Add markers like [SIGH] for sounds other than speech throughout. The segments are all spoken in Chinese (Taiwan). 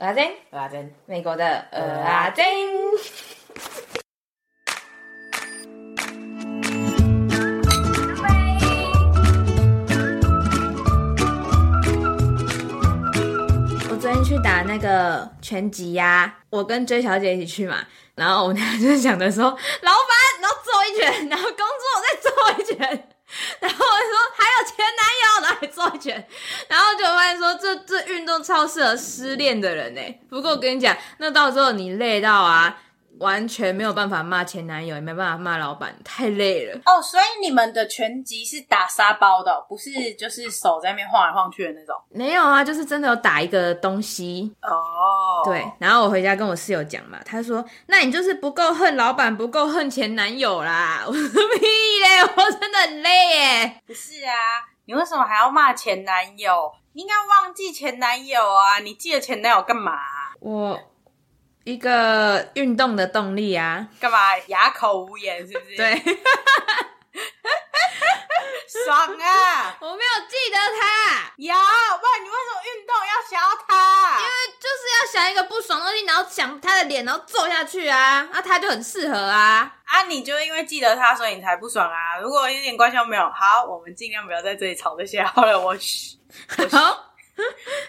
蚵仔煎，蚵仔煎，美國的蚵仔煎。乾杯。杯我昨天去打那個拳擊呀、啊，我跟 J 小姐一起去嘛，然後我們倆就想着說，老闆，然後做一拳，然後工作再做一拳。 [LAUGHS] 然後我就說，還有前男友，揍一拳，然後就發現說，這這運動超適合失戀的人哎、欸。不過我跟你講，那到時候你累到啊。完全沒有辦法罵前男友，也沒辦法罵老板，太累了。哦，oh, 所以你們的拳擊是打沙包的，不是就是手在那邊晃來晃去的那種？沒有啊，就是真的有打一個東西。哦，oh. 對，然後我回家跟我室友講嘛，他說：“那你就是不夠恨老板，不夠恨前男友啦。”我說：“屁嘞，我真的很累耶。”不是啊，你為什麼還要罵前男友？你應該忘記前男友啊，你記了前男友幹嘛？我。一個運動的動力啊！幹嘛啞口無言是不是？ [LAUGHS] 對， [LAUGHS] 爽啊！我沒有記得他。有，不然你為什麼運動要想要他？因為就是要想一個不爽的東西，然後想他的臉，然後揍下去啊！那、啊、他就很適合啊！啊，你就因為記得他，所以你才不爽啊！如果一點關係都沒有，好，我們儘量不要在這裡吵這些好了。我去，好。 [LAUGHS]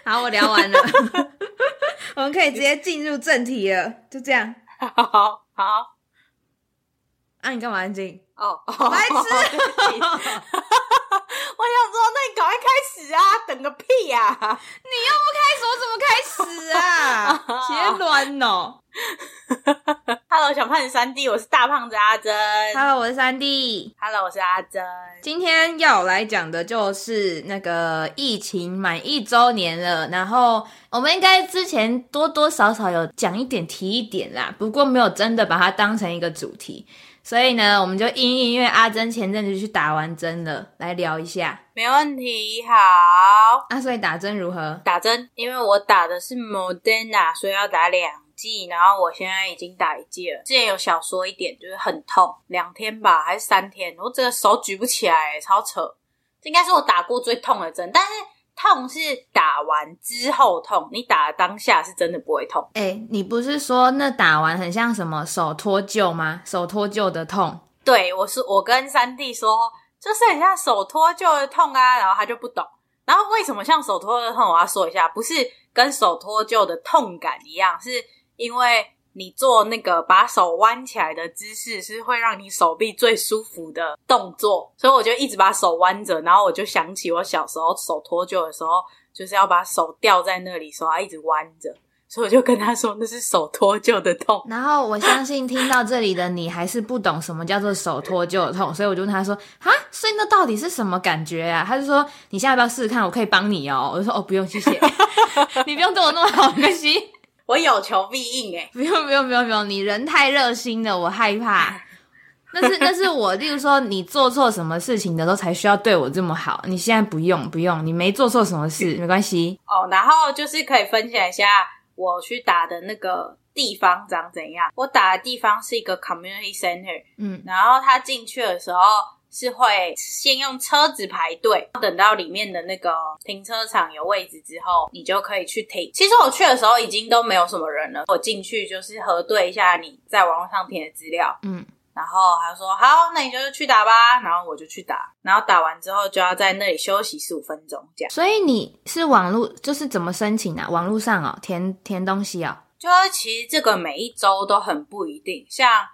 好，我聊完了， [LAUGHS] 我們可以直接進入正題了，就這樣。好好好，好好啊，你幹嘛安靜？哦、oh, oh,，來吃！我想說，那你趕快開始啊，等個屁呀、啊！你又不開始，我怎麼開始啊？別亂哦。 [LAUGHS] 我想小胖子三弟，我是大胖子阿珍。Hello，我是三弟。Hello，我是阿珍。今天要來講的就是那個疫情滿一周年了，然後我們應該之前多多少少有講一點、提一點啦，不過沒有真的把它當成一個主題。所以呢，我們就因應，因為阿珍前陣子去打完針了，來聊一下。沒問題，好。那、啊、所以打針如何？打針，因為我打的是 Moderna，所以要打兩。然後我現在已經打一劑了，之前有想說一點，就是很痛，兩天吧還是三天，我這個手舉不起來，欸，超扯，應該是我打過最痛的針，但是痛是打完之後痛，你打的當下是真的不會痛。哎、欸，你不是說那打完很像什麼手脫臼嗎？手脫臼的痛？對，我是我跟3蒂說，就是很像手脫臼的痛啊，然後他就不懂。然後為什麼像手脫臼的痛？我要說一下，不是跟手脫臼的痛感一樣，是。因為你做那個把手彎起來的姿勢是會讓你手臂最舒服的動作，所以我就一直把手彎着，然後我就想起我小時候手脫臼的時候，就是要把手吊在那裡，手要一直彎着，所以我就跟他說那是手脫臼的痛。然後我相信聽到這裡的你還是不懂什麼叫做手脫臼的痛， [LAUGHS] 所以我就問他說，哈？所以那到底是什麼感覺啊？他就說你現在要不要試試看？我可以幫你哦。我就說哦，不用，謝謝， [LAUGHS] 你不用對我那麼好，可惜。我有求必應哎、欸！不用不用不用不用，你人太熱心了，我害怕。那是那是我， [LAUGHS] 例如說你做錯什麼事情的時候才需要對我這麼好。你現在不用不用，你沒做錯什麼事，沒關係。哦，然後就是可以分享一下我去打的那個地方長怎樣。我打的地方是一個 community center，嗯，然後他進去的時候。是會先用車子排隊，等到裡面的那個停車場有位置之後，你就可以去停。其實我去的時候已經都沒有什麼人了，我進去就是核對一下你在網絡上填的資料，嗯，然後他說好，那你就去打吧，然後我就去打，然後打完之後就要在那裡休息十五分鐘這樣。所以你是網絡就是怎麼申請啊？網絡上啊、哦，填填東西啊、哦？就是其實這個每一周都很不一定，像。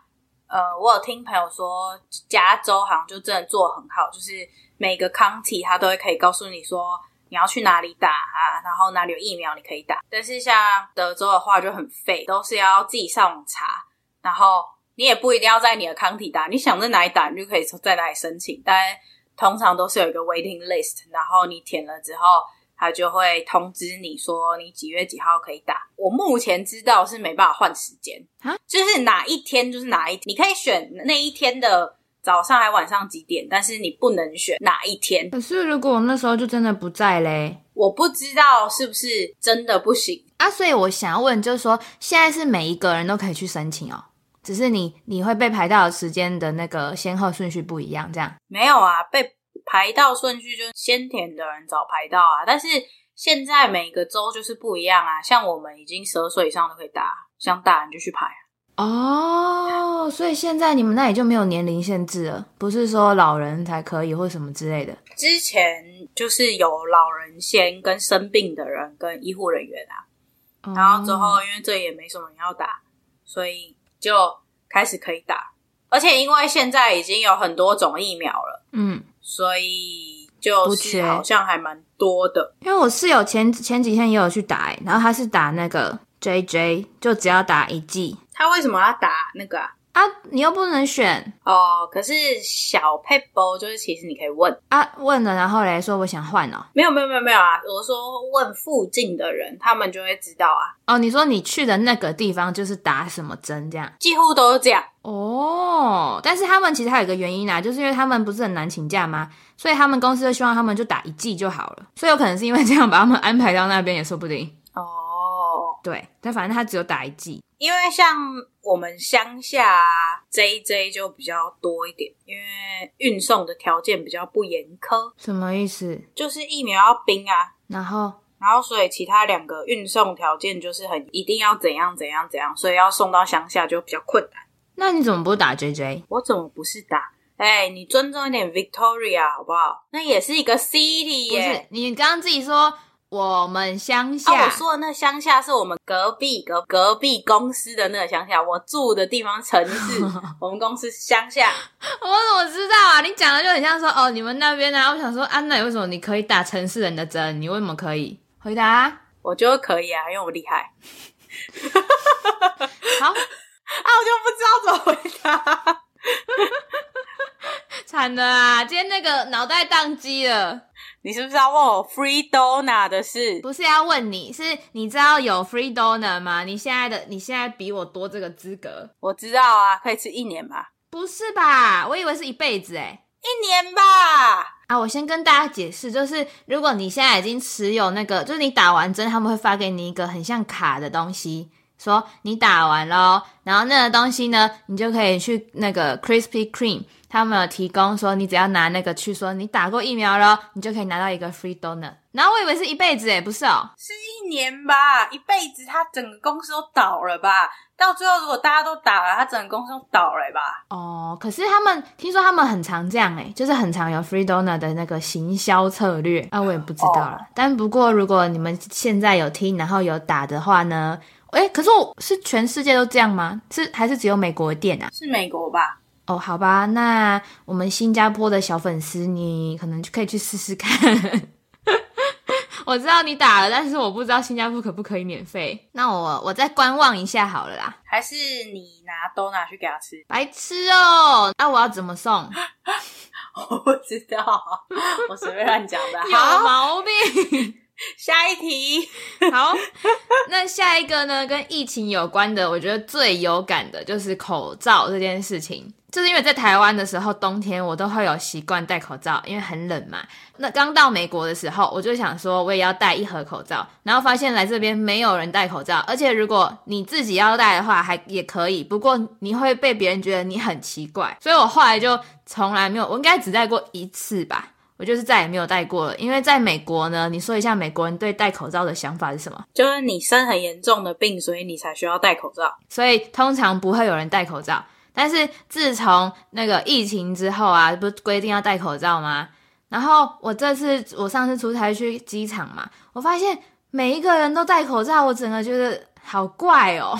呃，我有聽朋友說，加州好像就真的做得很好，就是每個 county 他都會可以告訴你說你要去哪裡打啊，然後哪裡有疫苗你可以打。但是像德州的話就很廢，都是要自己上網查，然後你也不一定要在你的 county 打，你想在哪裡打你就可以在哪裡申請，但通常都是有一個 waiting list，然後你填了之後，他就會通知你說你幾月幾號可以打。我目前知道是沒辦法換時間，啊，就是哪一天就是哪一天，你可以選那一天的早上還晚上幾點，但是你不能選哪一天。可是如果我那時候就真的不在嘞，我不知道是不是真的不行啊。所以我想要問，就是說現在是每一個人都可以去申請哦，只是你你會被排到的時間的那個先後順序不一樣，這樣？沒有啊，被。排到順序就是先填的人早排到啊，但是現在每個州就是不一樣啊。像我們已經十二歲以上都可以打，想打你就去排，啊。哦，所以現在你們那裡就沒有年齡限制了，不是說老人才可以或什麼之類的。之前就是有老人先，跟生病的人跟醫護人員啊，嗯、然後之後因為這裡也沒什麼人要打，所以就開始可以打。而且因為現在已經有很多種疫苗了，嗯。所以就是好像還蠻多的，因為我室友前前幾天也有去打，欸，然後他是打那個 JJ，就只要打一劑。他為什麼要打那個啊？啊，你又不能選哦。可是小撇步就是，其實你可以問啊，問了然後來說我想換哦？喔。沒有沒有沒有沒有啊，我說問附近的人，他們就會知道啊。哦，你說你去的那個地方就是打什麼針這樣，幾乎都是這樣。哦，但是他們其實還有一個原因啊，就是因為他們不是很難請假嗎？所以他們公司就希望他們就打一劑就好了，所以有可能是因為這樣把他們安排到那邊也說不定。哦。對，但反正他只有打一劑，因為像我們鄉下啊，J J 就比較多一點，因為運送的條件比較不嚴苛。什麼意思？就是疫苗要冰啊，然後，然後，所以其他兩個運送條件就是很一定要怎樣怎樣怎樣，所以要送到鄉下就比較困難。那你怎麼不打 J J？我怎麼不是打？哎，你尊重一點 Victoria 好不好？那也是一個 city 耶。不是，你剛剛自己說。我們鄉下、啊，我說的那鄉下是我們隔壁隔隔壁公司的那個鄉下，我住的地方城市， [LAUGHS] 我們公司鄉下，我怎麼知道啊？你講的就很像說哦，你們那邊啊，我想說安娜，啊、為什麼你可以打城市人的針？你為什麼可以回答、啊？我覺得可以啊，因為我厲害。 [LAUGHS] 好，啊，我就不知道怎麼回答。 [LAUGHS] 慘了啊！今天那個腦袋宕機了。你是不是要問我 free donut 的事？不是要問你，是你知道有 free donut 嗎？你現在的你現在比我多這個資格。我知道啊，可以吃一年吧？不是吧？我以為是一輩子誒。一年吧。啊，我先跟大家解釋，就是如果你現在已經持有那個，就是你打完針，他們會發給你一個很像卡的東西，說你打完嘍、哦，然後那個東西呢，你就可以去那個 Krispy Kreme 他們有提供說，你只要拿那個去說你打過疫苗了，你就可以拿到一個 free donut。然後我以為是一輩子誒，不是哦，是一年吧？一輩子？他整個公司都倒了吧？到最後如果大家都打了，他整個公司都倒了吧？哦，可是他們聽說他們很常這樣誒，就是很常有 free donut 的那個行銷策略。那、啊、我也不知道了。哦、但不過如果你們現在有聽，然後有打的話呢？哎，可是我是全世界都這樣嗎？是還是只有美國的店啊？是美國吧？哦，好吧，那我們新加坡的小粉絲，你可能就可以去試試看。 [LAUGHS] 我知道你打了，但是我不知道新加坡可不可以免費。那我我再觀望一下好了啦。還是你拿都拿去給他吃？白痴喔！那我要怎麼送？ [LAUGHS] 我不知道，我隨便亂講的。有毛病。 [LAUGHS] 下一題，好，那下一個呢？跟疫情有關的，我覺得最有感的就是口罩這件事情。就是因為在台灣的時候，冬天我都會有習慣戴口罩，因為很冷嘛。那剛到美國的時候，我就想說我也要戴一盒口罩，然後發現來這邊沒有人戴口罩，而且如果你自己要戴的話，還也可以，不過你會被別人覺得你很奇怪。所以我後來就從來沒有，我應該只戴過一次吧。我就是再也沒有戴過了，因為在美國呢，你說一下美國人對戴口罩的想法是什麼？就是你生很嚴重的病，所以你才需要戴口罩，所以通常不會有人戴口罩。但是自從那個疫情之後啊，不是規定要戴口罩嗎？然後我這次我上次出差去機場嘛，我發現每一個人都戴口罩，我整個覺得好怪哦、喔。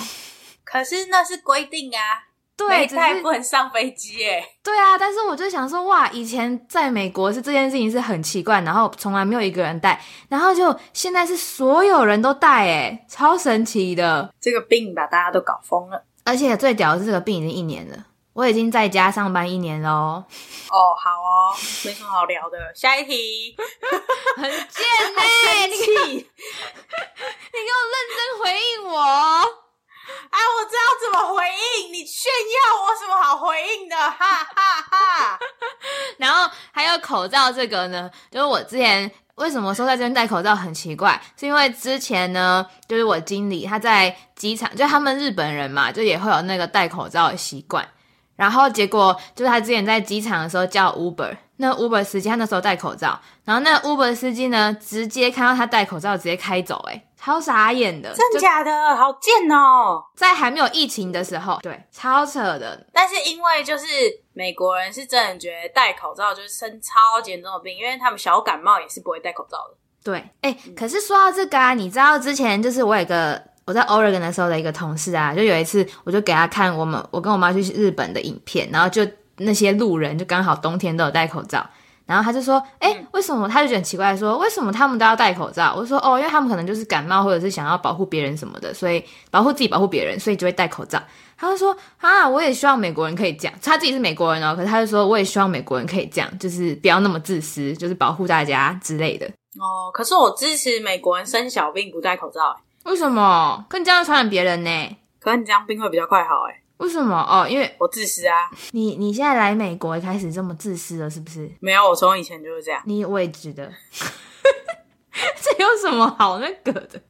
可是那是規定啊。他也對不能上飛機誒、欸。對啊，但是我就想說，哇，以前在美國是這件事情是很奇怪，然後從來沒有一個人帶，然後就現在是所有人都帶誒、欸，超神奇的。這個病把大家都搞瘋了，而且最屌的是這個病已經一年了，我已經在家上班一年了哦。好哦，沒什麼好聊的，下一題。 [LAUGHS] 很賤誒、欸，你你給我認真回應我。哎，我知道怎麼回應你，炫耀，我什麼好回應的，哈哈哈哈。 [LAUGHS] 然後還有口罩這個呢，就是我之前為什麼說在這邊戴口罩很奇怪，是因為之前呢，就是我經理他在機場，就他們日本人嘛，就也會有那個戴口罩的習慣。然後結果就是他之前在機場的時候叫 Uber，那 Uber 司機他那時候戴口罩，然後那 Uber 司機呢，直接看到他戴口罩，直接開走，欸，哎。超傻眼的，真假的，好賤哦！在還沒有疫情的時候，對，超扯的。但是因為就是美國人是真的覺得戴口罩就是生超級嚴重的病，因為他們小感冒也是不會戴口罩的。對，哎、欸，嗯、可是說到這個啊，你知道之前就是我有一個我在 Oregon 的時候的一個同事啊，就有一次我就給他看我們我跟我媽去日本的影片，然後就那些路人就剛好冬天都有戴口罩。然後他就說，哎、欸，為什麼？他就覺得很奇怪說，說為什麼他們都要戴口罩？我說，哦，因為他們可能就是感冒，或者是想要保護別人什麼的，所以保護自己，保護別人，所以就會戴口罩。他就說，啊，我也希望美國人可以這樣，他自己是美國人哦，可是他就說，我也希望美國人可以這樣，就是不要那麼自私，就是保護大家之類的。哦，可是我支持美國人生小病不戴口罩，哎，為什麼？可你這樣傳染別人呢？可能你這樣病會比較快好，哎。為什麼哦？因為我自私啊！你你現在來美國開始這麼自私了，是不是？沒有，我從以前就是這樣。你我也覺得， [LAUGHS] 這有什麼好那個的？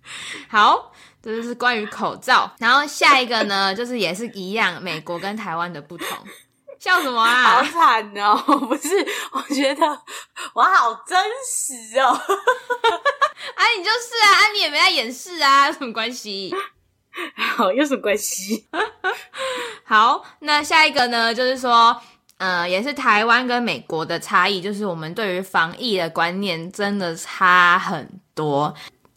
好，這就是關於口罩。然後下一個呢， [LAUGHS] 就是也是一樣，美國跟台灣的不同。笑什麼啊？好慘哦！我不是，我覺得我好真實哦。安 [LAUGHS] 啊，你就是啊，安、啊、你也沒在掩飾啊，有什麼關係？好，有什麼關係？ [LAUGHS] 好，那下一個呢？就是說，呃，也是台灣跟美國的差異，就是我們對於防疫的觀念真的差很多。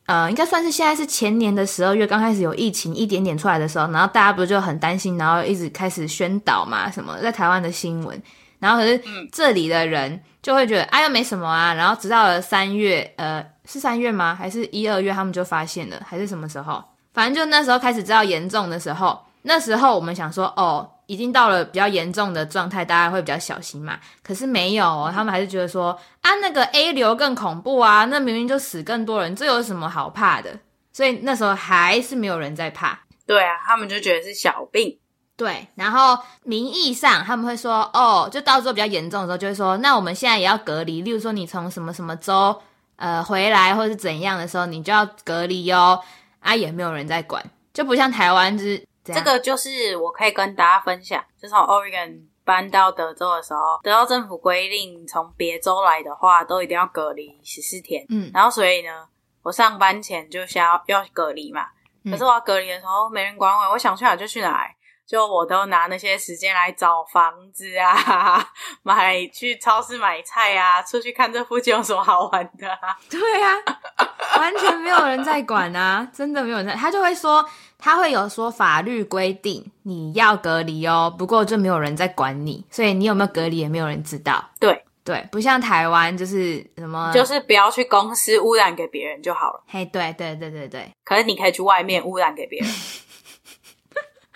呃，應該算是現在是前年的十二月剛開始有疫情一點點出來的時候，然後大家不是就很擔心，然後一直開始宣導嘛，什麼在台灣的新聞，然後可是這裡的人就會覺得哎、嗯啊，又沒什麼啊。然後直到了三月，呃，是三月嗎？還是一二月他們就發現了，還是什麼時候？反正就那時候開始知道嚴重的時候，那時候我們想說，哦，已經到了比較嚴重的狀態，大家會比較小心嘛。可是沒有、哦，他們還是覺得說，啊，那個 A 流更恐怖啊，那明明就死更多人，這有什麼好怕的？所以那時候還是沒有人在怕。對啊，他們就覺得是小病。對，然後名義上他們會說，哦，就到時候比較嚴重的時候，就會說，那我們現在也要隔離。例如說，你從什麼什麼州呃回來，或者是怎樣的時候，你就要隔離喲、哦。啊，也沒有人在管，就不像台灣，就是這個就是我可以跟大家分享，自從 Oregon 搬到德州的時候，德州政府規定，從別州來的話都一定要隔離十四天，嗯，然後所以呢，我上班前就想要要隔離嘛，可是我要隔離的時候沒人管我，嗯、我想去哪就去哪。就我都拿那些時間來找房子啊，買去超市買菜啊，出去看這附近有什麼好玩的啊。對啊， [LAUGHS] 完全沒有人在管啊，真的沒有人在。他就會說，他會有說法律規定你要隔離哦，不過就沒有人在管你，所以你有沒有隔離也沒有人知道。對對，不像台灣就是什麼，就是不要去公司污染給別人就好了。嘿，hey，對對對對對，對對，可是你可以去外面污染給別人。 [LAUGHS]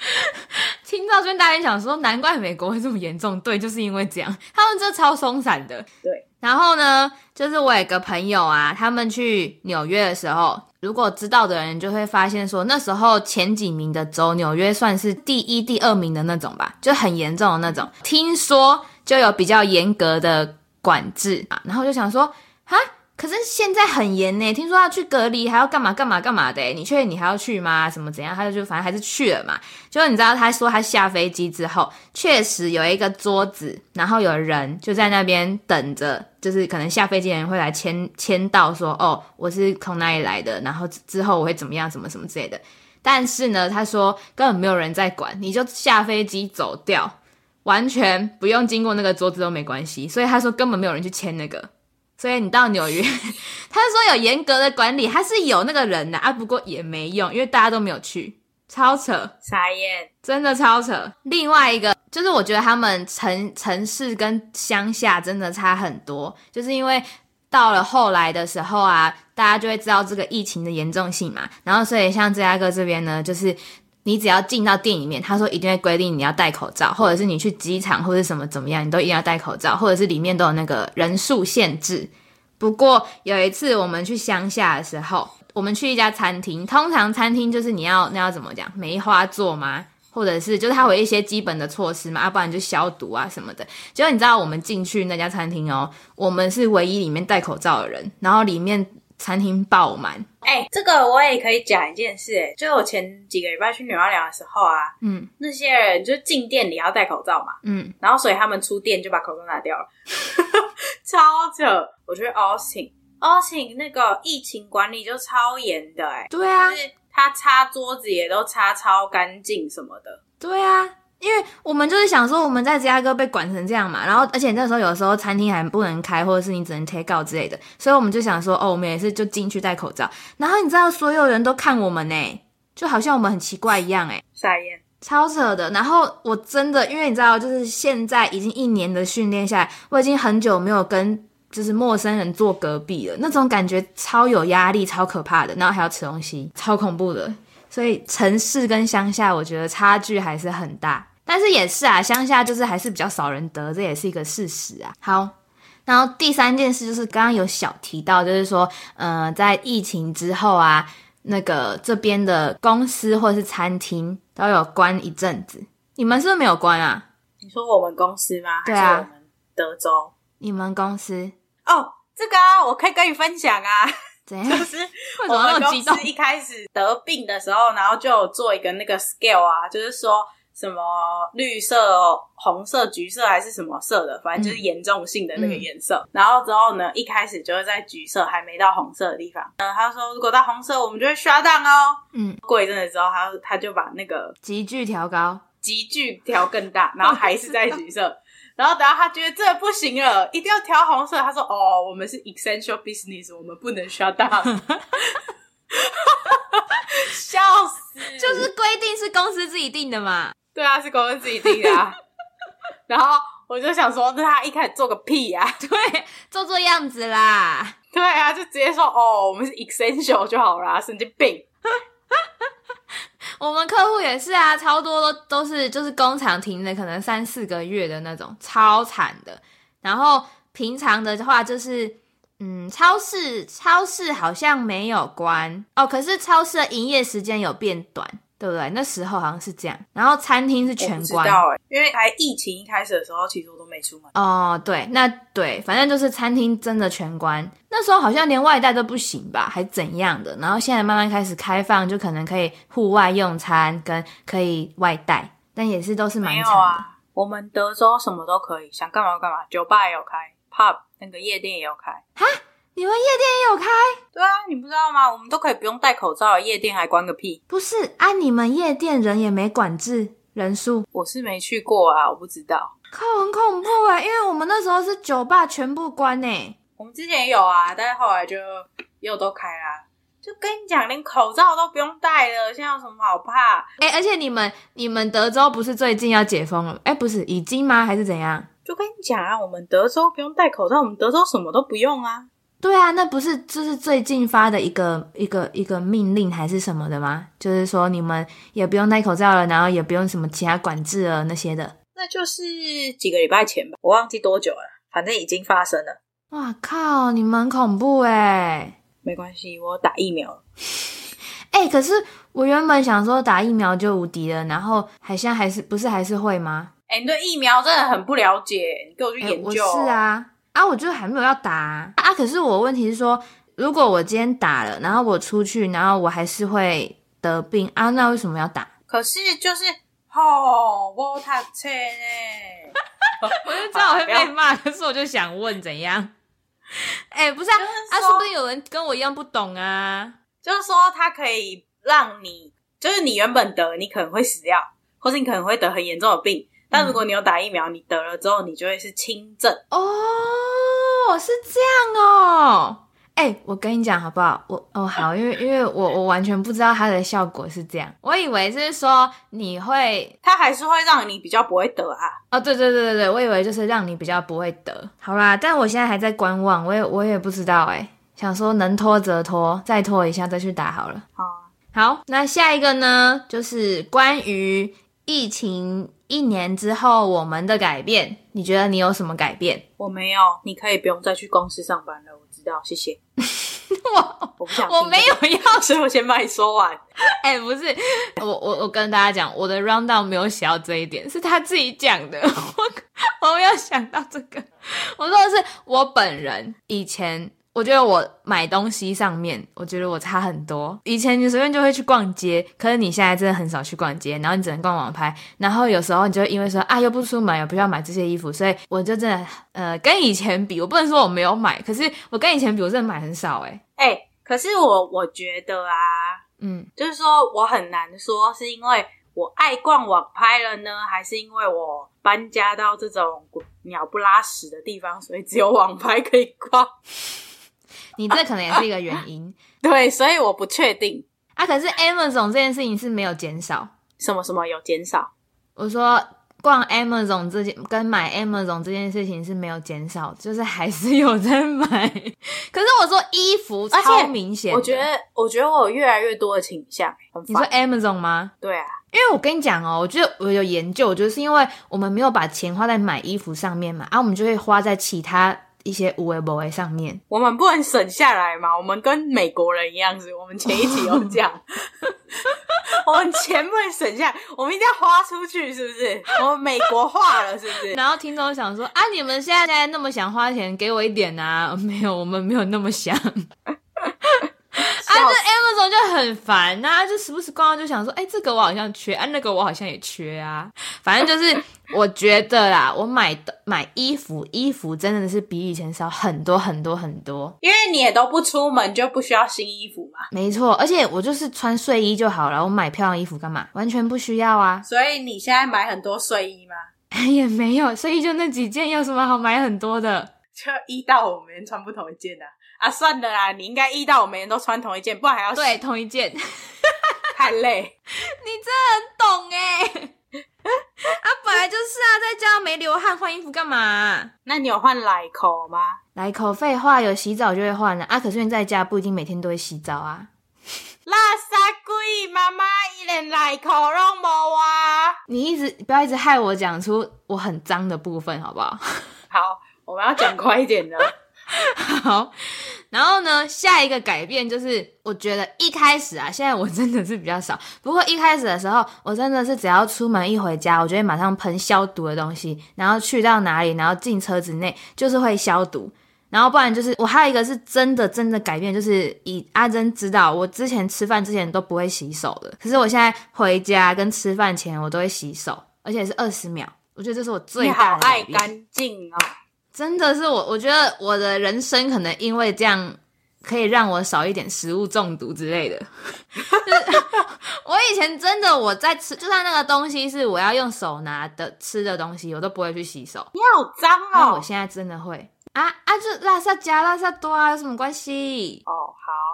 [LAUGHS] 聽到這邊大家想說，難怪美國會這麼嚴重，對，就是因為這樣，他們這超鬆散的，對。然後呢，就是我有一個朋友啊，他們去紐約的時候，如果知道的人就會發現說，那時候前幾名的州，紐約算是第一、第二名的那種吧，就很嚴重的那種。聽說就有比較嚴格的管制啊，然後就想說，哈。可是現在很嚴呢、欸，聽說要去隔離，還要幹嘛幹嘛幹嘛的、欸。你確定你還要去嗎？什麼怎樣？他就就反正還是去了嘛。就是你知道，他說他下飛機之後，確實有一個桌子，然後有人就在那邊等着，就是可能下飛機的人會來簽簽到說，說哦，我是從哪裡來的，然後之後我會怎麼樣，什麼什麼之類的。但是呢，他說根本沒有人在管，你就下飛機走掉，完全不用經過那個桌子都沒關係。所以他說根本沒有人去簽那個。所以你到紐約， [LAUGHS] 他是說有嚴格的管理，他是有那個人的啊，不過也沒用，因為大家都沒有去，超扯，傻眼，真的超扯。另外一個就是我覺得他們城、城市跟鄉下真的差很多，就是因為到了後來的時候啊，大家就會知道這個疫情的嚴重性嘛，然後所以像芝加哥這邊呢，就是。你只要進到店裡面，他說一定會規定你要戴口罩，或者是你去機場或者什麼怎麼樣，你都一定要戴口罩，或者是裡面都有那個人數限制。不過有一次我們去鄉下的時候，我們去一家餐廳，通常餐廳就是你要那要怎麼講梅花座嗎？或者是就是他會有一些基本的措施嘛，要、啊、不然就消毒啊什麼的。結果你知道我們進去那家餐廳哦、喔，我們是唯一裡面戴口罩的人，然後裡面。餐廳爆滿，哎、欸，這個我也可以講一件事，欸，哎，就我前幾個禮拜去紐奧良的時候啊，嗯，那些人就進店裡要戴口罩嘛，嗯，然後所以他們出店就把口罩拿掉了， [LAUGHS] 超扯，我覺得 Austin，Austin 那個疫情管理就超嚴的，欸，哎，對啊，是他擦桌子也都擦超乾淨什麼的，對啊。因為我們就是想說我們在芝加哥被管成這樣嘛，然後而且那時候有時候餐廳還不能開，或者是你只能 take out 之類的，所以我們就想說哦，我們也是就進去戴口罩。然後你知道所有人都看我們誒，就好像我們很奇怪一樣誒。傻眼，超扯的。然後我真的因為你知道，就是現在已經一年的訓練下來，我已經很久沒有跟就是陌生人坐隔壁了，那種感覺超有壓力，超可怕的。然後還要吃東西，超恐怖的。所以城市跟鄉下，我覺得差距還是很大。但是也是啊，鄉下就是還是比較少人得，這也是一個事實啊。好，然後第三件事就是剛剛有小提到，就是說，呃，在疫情之後啊，那個這邊的公司或者是餐廳都有關一陣子，你們是不是沒有關啊？你說我們公司嗎？對啊。我們德州，你們公司？哦，oh, 這個啊，我可以跟你分享啊。怎樣？就是 [LAUGHS] 為什麼那麼激動？我們公司一開始得病的時候，然後就有做一個那個 scale 啊，就是說。什麼綠色、紅色、橘色還是什麼色的？反正就是嚴重性的那個顏色。嗯嗯、然後之後呢，一開始就是在橘色還沒到紅色的地方。嗯，他說如果到紅色，我們就會 shut down 哦。嗯，過一陣子之後，他他就把那個級距調高，級距調更大，然後還是在橘色。 [LAUGHS] 然後等到他覺得這不行了，一定要調紅色。他說：“哦，我們是 essential business，我們不能 shut down,。” [LAUGHS] [LAUGHS] 笑死！就是規定是公司自己定的嘛。對啊，是公司自己定的啊。 [LAUGHS] 然後我就想說，那他一開始做個屁呀？ [LAUGHS] 對，做做樣子啦。對啊，就直接說哦，我們是 essential 就好啦。神經病。 [LAUGHS] [LAUGHS] 我們客戶也是啊，超多都都是就是工廠停了，可能三四個月的那種，超慘的。然後平常的話就是，嗯，超市超市好像沒有關哦，可是超市的營業時間有變短。對不對？那時候好像是這樣，然後餐廳是全關。知道欸、因為還疫情一開始的時候，其實我都沒出門。哦，對，那對，反正就是餐廳真的全關。那時候好像連外帶都不行吧，還怎樣的？然後現在慢慢開始開放，就可能可以戶外用餐跟可以外帶，但也是都是蠻好的沒有啊。我們德州什麼都可以，想幹嘛就幹嘛。酒吧也有開，pub 那個夜店也有開。哈你們夜店也有開？對啊，你不知道嗎？我們都可以不用戴口罩，夜店還關個屁！不是，按、啊、你們夜店人也沒管制人數，我是沒去過啊，我不知道。靠，很恐怖啊、欸！因為我們那時候是酒吧全部關呢、欸。我們之前也有啊，但是後來就又都開啦。就跟你講，連口罩都不用戴了，現在有什麼好怕？哎、欸，而且你們，你們德州不是最近要解封了嗎？哎、欸，不是已經嗎？還是怎樣？就跟你講啊，我們德州不用戴口罩，我們德州什麼都不用啊。對啊，那不是就是最近發的一個一個一個命令還是什麼的嗎？就是說你們也不用戴口罩了，然後也不用什麼其他管制了那些的。那就是幾個禮拜前吧，我忘記多久了，反正已經發生了。哇靠，你們恐怖哎、欸！沒關係，我打疫苗了。哎、欸，可是我原本想說打疫苗就無敵了，然後還現在還是不是還是會嗎？哎、欸，你對疫苗真的很不了解，你給我去研究。欸、是啊。啊，我就還沒有要打啊！啊，可是我問題是說，如果我今天打了，然後我出去，然後我還是會得病啊？那為什麼要打？可是就是好、哦、我太菜嘞！ [LAUGHS] 我就知道我會被罵，可是我就想問，怎樣？哎、欸，不是啊，是說啊，是不是有人跟我一樣不懂啊？就是說，它可以讓你，就是你原本得，你可能會死掉，或是你可能會得很嚴重的病。但如果你有打疫苗，你得了之後，你就會是輕症哦，是這樣哦。哎、欸，我跟你講好不好？我哦好，因為因為我我完全不知道它的效果是這樣，我以為是說你會，它還是會讓你比較不會得啊。哦，對對對對對，我以為就是讓你比較不會得，好啦。但我現在還在觀望，我也我也不知道哎、欸，想說能拖則拖，再拖一下再去打好了。好、啊，好，那下一個呢，就是關於疫情。一年之後，我們的改變，你覺得你有什麼改變？我沒有，你可以不用再去公司上班了。我知道，謝謝。 [LAUGHS] 我我，不想，我沒有要，所以我先把你說完。哎， [LAUGHS] 欸，不是，我我我跟大家講，我的 round down 沒有寫到這一點，是他自己講的，我我沒有想到這個，我說的是我本人以前。我覺得我買東西上面，我覺得我差很多。以前你隨便就會去逛街，可是你現在真的很少去逛街，然後你只能逛網拍，然後有時候你就因為說啊又不出門，又不需要買這些衣服，所以我就真的呃跟以前比，我不能說我沒有買，可是我跟以前比，我真的買很少哎、欸。可是我我覺得啊，嗯，就是說我很難說，是因為我愛逛網拍了呢，還是因為我搬家到這種鳥不拉屎的地方，所以只有網拍可以逛。 [LAUGHS] 你這可能也是一個原因， [LAUGHS] 對，所以我不確定啊。可是 Amazon 這件事情是沒有減少，什麼什麼有減少？我說逛 Amazon 這件跟買 Amazon 這件事情是沒有減少，就是還是有在買。 [LAUGHS] 可是我說衣服超明顯，我覺得我覺得我有越來越多的傾向。你說 Amazon 嗎？對啊，因為我跟你講哦、喔，我覺得我有研究，我覺得是因為我們沒有把錢花在買衣服上面嘛，啊，我們就會花在其他。一些有的無的上面，我們不能省下來嘛，我們跟美國人一樣子，我們錢一起用這樣。 [LAUGHS] [LAUGHS] 我們錢不能省下來，我們一定要花出去，是不是？我們美國化了，是不是？ [LAUGHS] 然後聽眾想說啊，你們現在現在那麼想花錢，給我一點吶、啊？沒有，我們沒有那麼想。 [LAUGHS] 但是 Amazon 就很煩吶、啊，就時不時逛，逛就想說，哎、欸，這個我好像缺，啊，那個我好像也缺啊。反正就是我覺得啦，我買買衣服，衣服真的是比以前少很多很多很多，因為你也都不出門，就不需要新衣服嘛。沒錯，而且我就是穿睡衣就好了，我買漂亮衣服幹嘛？完全不需要啊。所以你現在買很多睡衣嗎？也沒有，睡衣就那幾件，有什麼好買很多的？就一到五每天穿不同一件的、啊。啊、算了啦，你應該遇到我每天都穿同一件，不然還要洗對，同一件， [LAUGHS] 太累。你真的很懂哎， [LAUGHS] [LAUGHS] 啊，本來就是啊，在家沒流汗換衣服幹嘛？那你有換內褲嗎？內褲廢話，有洗澡就會換了啊。可是你在家不一定每天都會洗澡啊。垃圾鬼，媽媽一臉內褲都無啊！你一直不要一直害我講出我很髒的部分好不好？好，我們要講快一點的。 [LAUGHS] [LAUGHS] 好，然後呢？下一個改變就是，我覺得一開始啊，現在我真的是比較少。不過一開始的時候，我真的是只要出門一回家，我就會馬上噴消毒的東西，然後去到哪裡，然後進車子內就是會消毒。然後不然就是我還有一個是真的真的改變，就是以阿珍知道我之前吃飯之前都不會洗手的，可是我現在回家跟吃飯前我都會洗手，而且是二十秒。我覺得這是我最大的改變。你好，愛乾淨哦。真的是我，我覺得我的人生可能因為這樣，可以讓我少一點食物中毒之類的。 [LAUGHS] 就是、 [LAUGHS] 我以前真的我在吃，就算那個東西是我要用手拿的吃的東西，我都不會去洗手。你好髒哦！我現在真的會啊啊！就拉薩加拉薩多啊，有什麼關係？哦，oh, 好。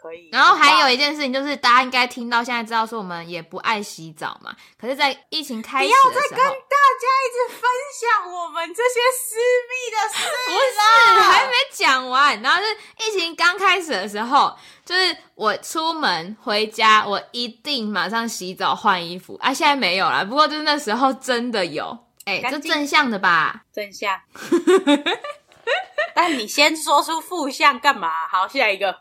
可以，然後還有一件事情，就是大家應該聽到現在知道說我們也不愛洗澡嘛。可是，在疫情開始的時候，不要再跟大家一直分享我們這些私密的事了。 [LAUGHS] 不是，還沒講完。然後就是疫情剛開始的時候，就是我出門回家，我一定馬上洗澡換衣服。啊，現在沒有了。不過就是那時候真的有，哎、欸，淨就正向的吧。正向真相。 [LAUGHS] [LAUGHS] 但你先說出負向幹嘛？好，下一個。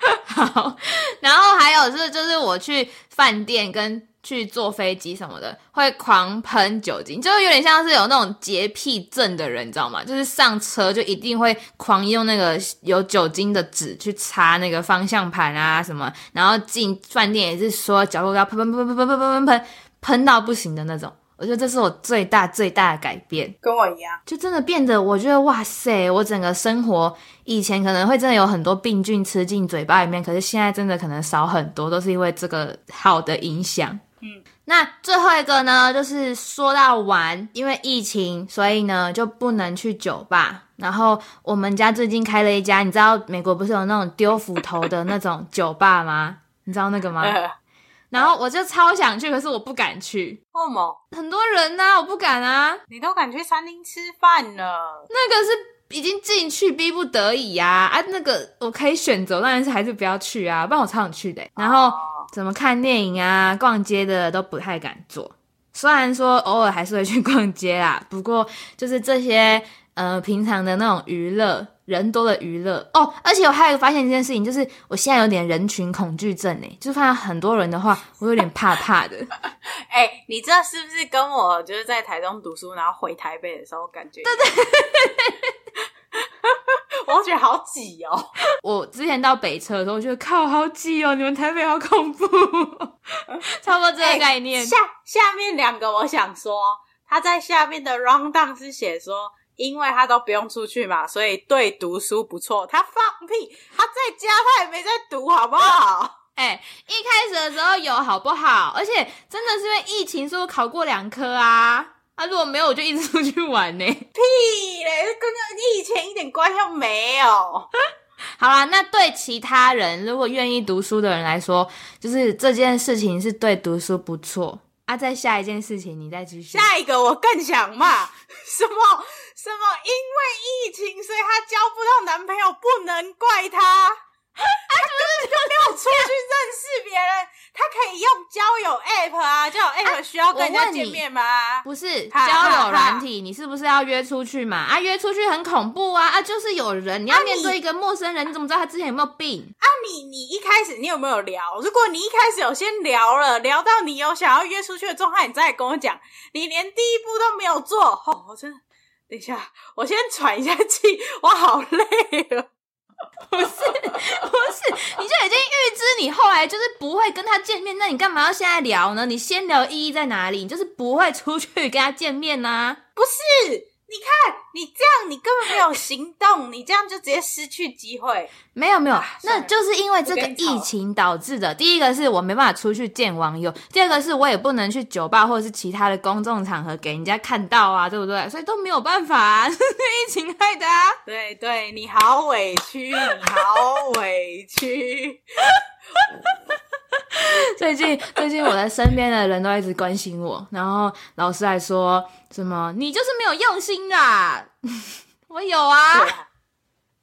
[LAUGHS] 好，然後還有是就是我去飯店跟去坐飛機什麼的，會狂噴酒精，就是有點像是有那種潔癖症的人，你知道嗎？就是上車就一定會狂用那個有酒精的紙去擦那個方向盤啊什麼，然後進飯店也是說腳後跟噴噴噴噴噴噴噴噴噴到不行的那種。我覺得這是我最大最大的改變，跟我一樣，就真的變得，我覺得哇塞，我整個生活以前可能會真的有很多病菌吃進嘴巴裡面，可是現在真的可能少很多，都是因為這個好的影響。嗯，那最後一個呢，就是說到玩，因為疫情，所以呢就不能去酒吧，然後我們家最近開了一家，你知道美國不是有那種丟斧頭的那種酒吧嗎？你知道那個嗎？然後我就超想去，可是我不敢去。為什麼？很多人吶、啊，我不敢啊。你都敢去餐廳吃飯了，那個是已經進去，逼不得已呀。啊、啊，那個我可以選擇，但是還是不要去啊。不然我超想去的、欸。然後怎麼看電影啊、逛街的都不太敢做。雖然說偶爾還是會去逛街啦，不過就是這些呃平常的那種娛樂。人多的娛樂哦，oh, 而且我還有個發現一件事情，就是我現在有點人群恐懼症誒，就是發現很多人的話，我有點怕怕的。哎、 [LAUGHS] 欸，你這是不是跟我就是在台中讀書，然後回台北的時候感覺？對對，對， [LAUGHS] [LAUGHS] 我覺得好擠哦、喔。我之前到北車的時候，我覺得靠，好擠哦、喔，你們台北好恐怖， [LAUGHS] 差不多這個概念。欸、下下面兩個我想說，他在下面的 rundown 是寫說。因為他都不用出去嘛，所以對讀書不錯。他放屁，他在家他也沒在讀，好不好？哎、欸，一開始的時候有，好不好？而且真的是因為疫情，所以我考過兩科啊。啊，如果沒有我就一直出去玩呢、欸。屁嘞！跟個疫情、以前一點關係都沒有。 [LAUGHS] 好啦、啊。那對其他人如果願意讀書的人來說，就是這件事情是對讀書不錯。啊，再下一件事情你再繼續。下一個我更想罵。什麼什麼？因為疫情，所以他交不到男朋友，不能怪他。啊、他都沒有出去認識別人，他可以用交友 app 啊，交友 app 需要跟人家見面嗎？啊、不是他交友軟體，啊、你是不是要約出去嘛？啊，約出去很恐怖啊！啊，就是有人，你要面對一個陌生人，啊、你，你怎麼知道他之前有沒有病？啊你，你你一開始你有沒有聊？如果你一開始有先聊了，聊到你有想要約出去的狀態，你再跟我講。你連第一步都沒有做，哦，我真的。等一下，我先喘一下氣，我好累了。 [LAUGHS] 不是，不是，你就已經預知你後來就是不會跟他見面，那你幹嘛要現在聊呢？你先聊意義在哪裡？你就是不會出去跟他見面吶、啊？不是。你看，你這樣，你根本沒有行動， [LAUGHS] 你這樣就直接失去機會。沒有沒有，啊、那就是因為這個疫情導致的。第一個是我沒辦法出去見網友，第二個是我也不能去酒吧或者是其他的公眾場合給人家看到啊，對不對？所以都沒有辦法、啊， [LAUGHS] 疫情害的、啊。對對，你好委屈，你好委屈。 [LAUGHS] [LAUGHS] 最近 [LAUGHS] 最近，最近我的身邊的人都一直關心我，然後老師還說：“什麼你就是沒有用心啊 [LAUGHS] 有啊！”我有啊，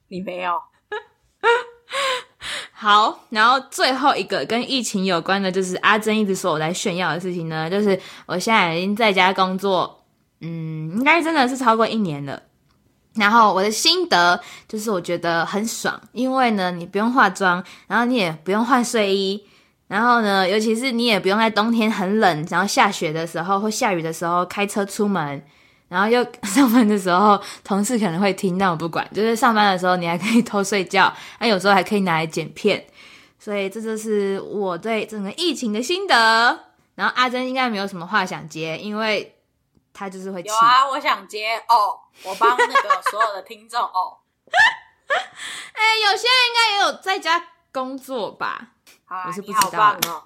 你沒有。 [LAUGHS] 好，然後最後一個跟疫情有關的，就是阿珍一直說我來炫耀的事情呢，就是我現在已經在家工作，嗯，應該真的是超過一年了。然後我的心得就是我覺得很爽，因為呢，你不用化妝，然後你也不用換睡衣。然後呢，尤其是你也不用在冬天很冷，然後下雪的時候或下雨的時候開車出門，然後又上班的時候，同事可能會聽，但我不管。就是上班的時候，你還可以偷睡覺，那、啊、有時候還可以拿來剪片。所以這就是我對整個疫情的心得。然後阿珍應該沒有什麼話想接，因為她就是會氣。有啊，我想接哦，我幫那個所有的聽眾。哎，有些人應該也有在家工作吧？好、啊，我是不知道。哦、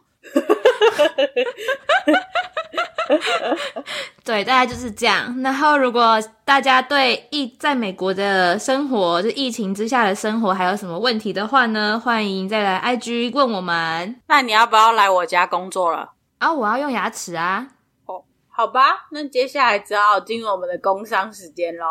[LAUGHS] 對，大家就是這樣。然後，如果大家對疫在美國的生活，就疫情之下的生活，還有什麼問題的話呢？歡迎再來 IG 問我們。那你要不要來我家工作了？啊，我要用牙齒啊！哦，好吧，那接下來只好進入我們的工商時間嘍。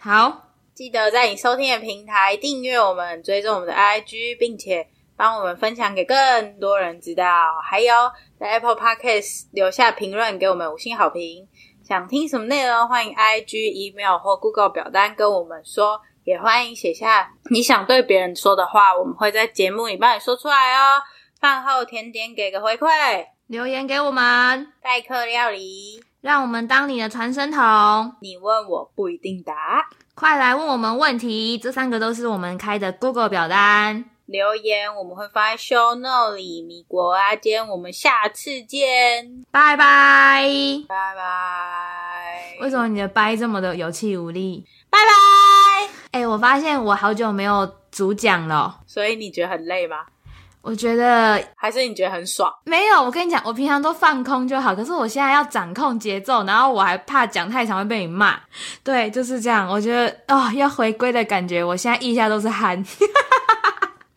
好，記得在你收聽的平台訂閱我們，追蹤我們的 IG，並且。幫我們分享給更多人知道，還有在 Apple Podcast 留下評論，給我們五星好評。想聽什麼內容，歡迎 I G Email 或 Google 表單跟我們說。也歡迎寫下你想對別人說的話，我們會在節目裡幫你說出來哦。飯後甜點，給個回饋，留言給我們。待客料理，讓我們當你的傳聲筒。你問我不一定答，快來問我們問題。這三個都是我們開的 Google 表單。留言我們會放在 show note 裡，米果啊，今天我們下次見，拜拜拜拜。Bye bye 為什麼你的拜這麼的有氣無力？拜拜 bye。哎、欸，我發現我好久沒有主講了，所以你覺得很累嗎？我覺得還是你覺得很爽？沒有，我跟你講，我平常都放空就好，可是我現在要掌控節奏，然後我還怕講太長會被你罵。對，就是這樣。我覺得哦，要回歸的感覺，我現在腋下都是汗。 [LAUGHS]